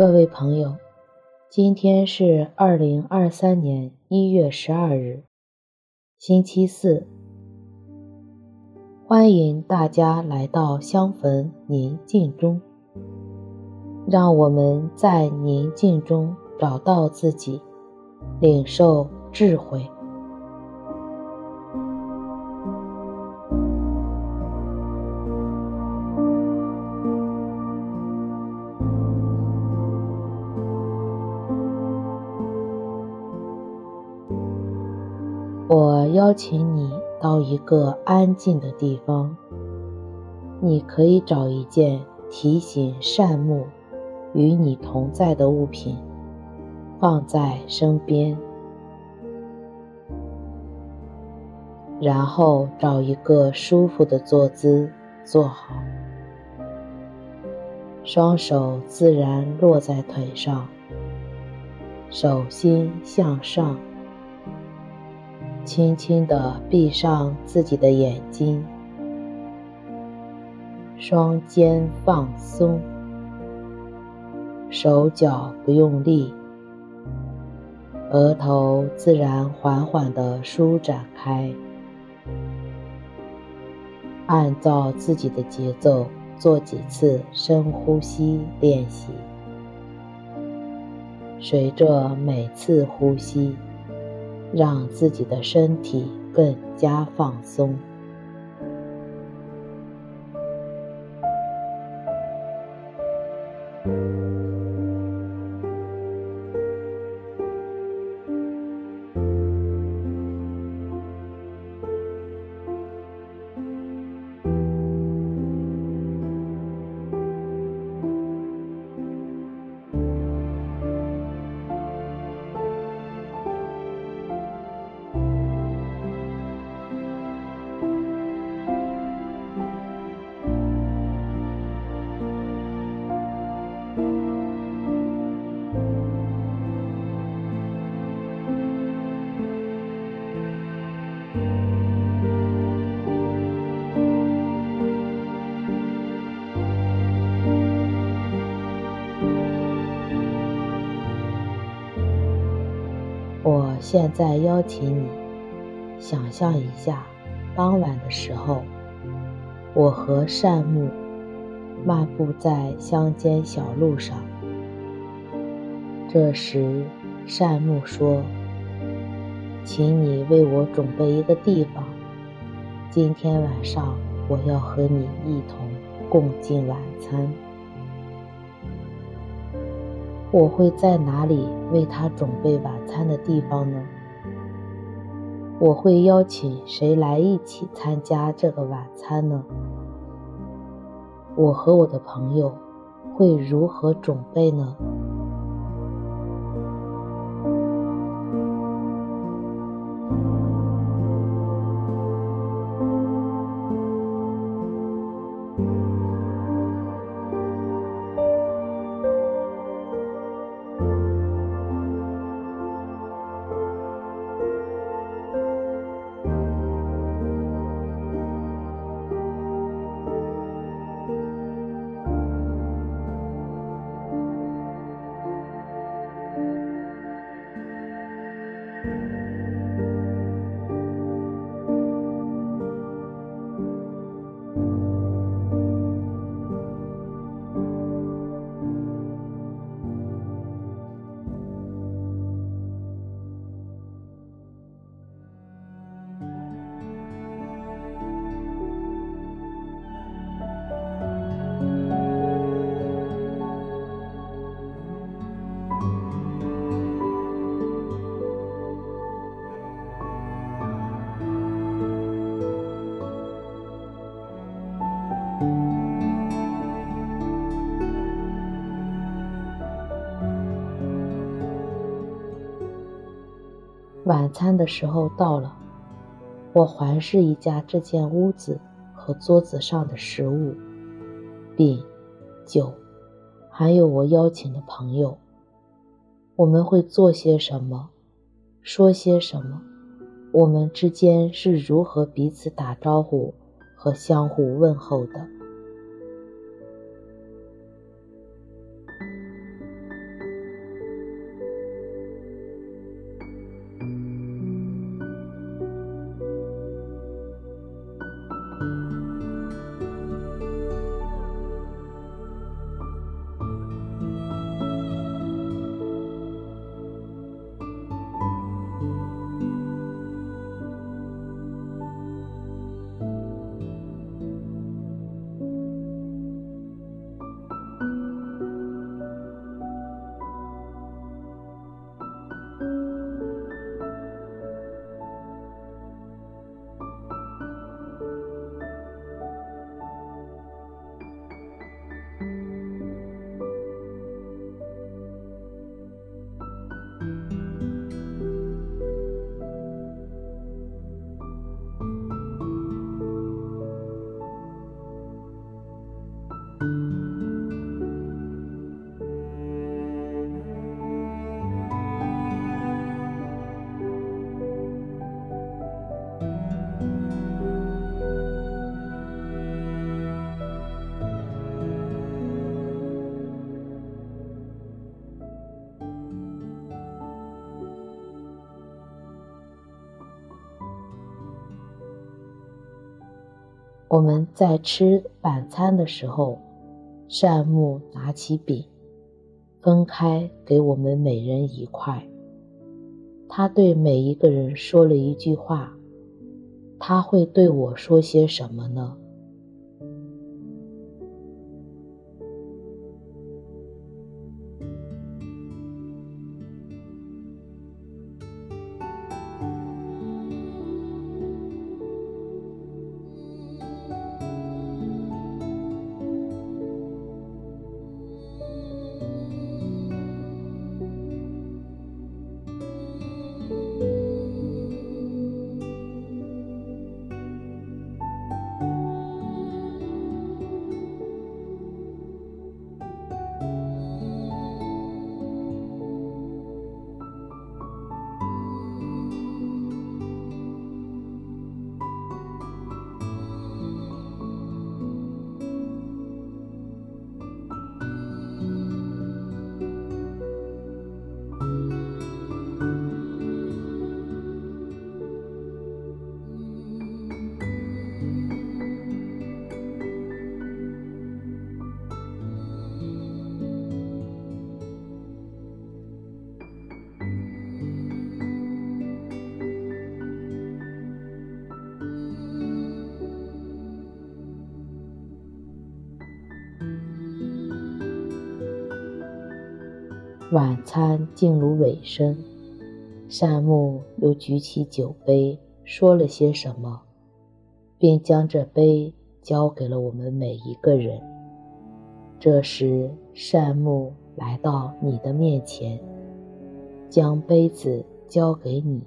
各位朋友，今天是二零二三年一月十二日，星期四。歡迎大家來到相逢寧靜中，讓我們在寧靜中找到自己，領受智慧。我邀請你到一個安靜的地方。你可以找一件提醒善牧與你同在的物品，放在身邊，然後找一個舒服的坐姿坐好，雙手自然落在腿上，手心向上。輕輕地閉上自己的眼睛，雙肩放鬆，手腳不用力，額頭自然緩緩地舒展開。按照自己的節奏做幾次深呼吸練習，隨着每次呼吸。讓自己的身體更加放鬆。我現在邀請你，想象一下，傍晚的時候，我和善牧漫步在鄉間小路上。這時，善牧說：“請你為我準備一個地方，今天晚上我要和你一同共進晚餐。”我會在哪裡為他準備晚餐的地方呢？我會邀請誰來一起參加這個晚餐呢？我和我的朋友會如何準備呢？晚餐的時候到了，我環視一下這間屋子和桌子上的食物、餅、酒，還有我邀請的朋友。我們會做些什麼，說些什麼？我們之間是如何彼此打招呼和相互問候的？我們在吃晚餐的時候，善牧拿起餅，分開給我們每人一塊。他對每一個人說了一句話，他會對我說些什麼呢？晚餐進入尾聲，善牧又舉起酒杯，說了些什麼，並將這杯交給了我們每一個人。這時，善牧來到你的面前，將杯子交給你。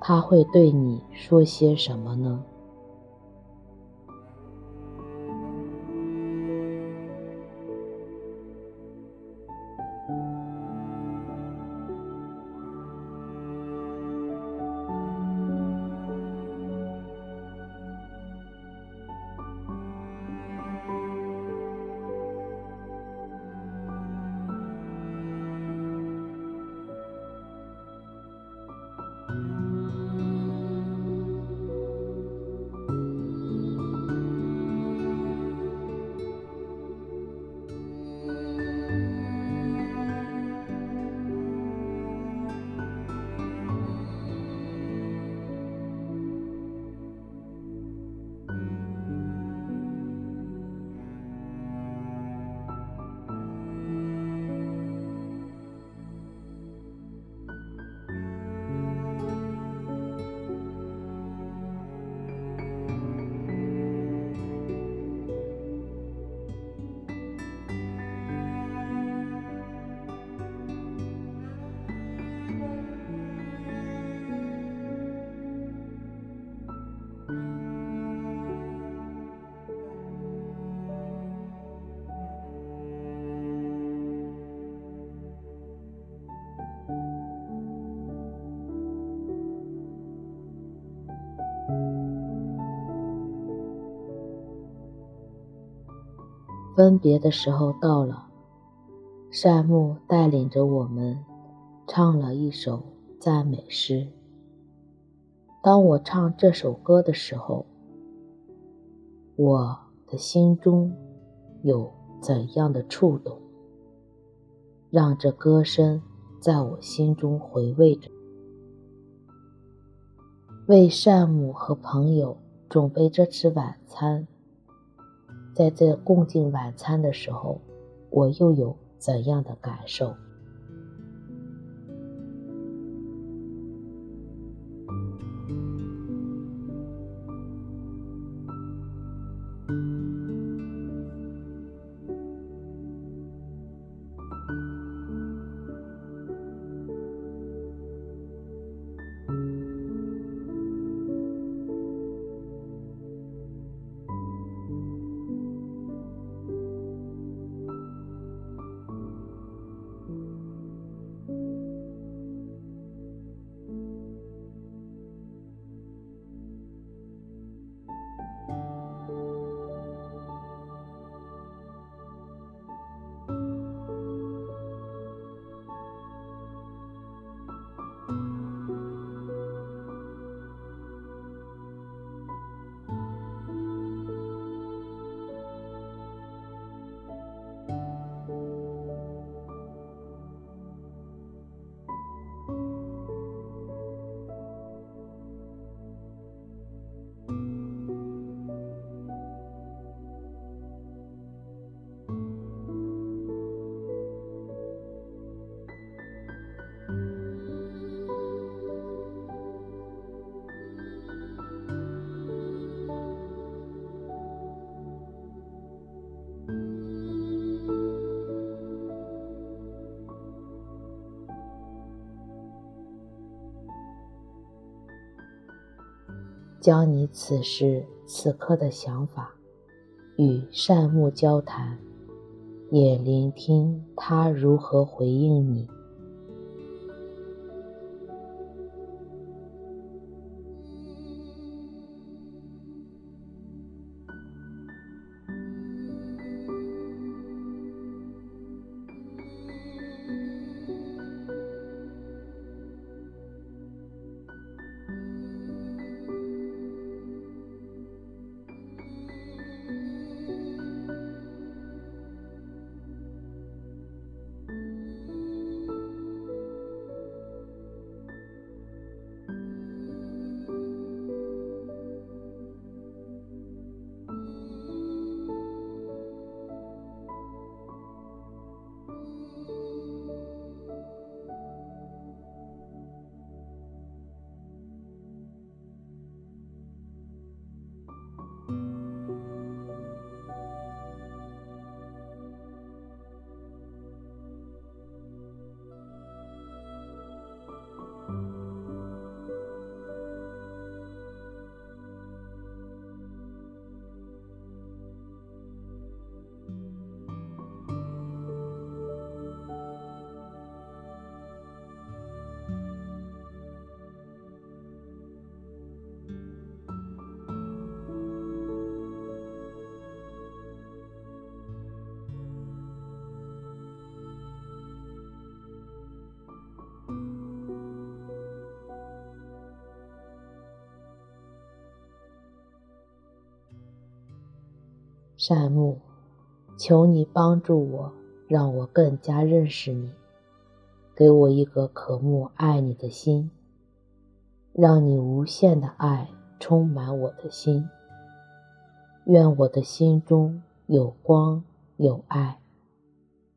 他會對你說些什麼呢？分別的時候到了，善牧帶領着我們唱了一首讚美詩。當我唱這首歌的時候，我的心中有怎樣的觸動？讓這歌聲在我心中回味着，為善牧和朋友準備這次晚餐。在這共進晚餐的時候，我又有怎樣的感受？將你此時此刻的想法與善牧交談，也聆聽他如何回應你。善牧，求你幫助我，讓我更加認識你，給我一個渴慕愛你的心，讓你無限的愛充滿我的心。願我的心中有光有愛，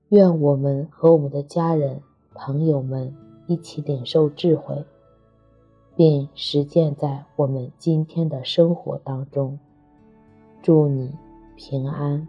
願我們和我們的家人、朋友們一起領受智慧，並實踐在我們今天的生活當中。祝你。平安。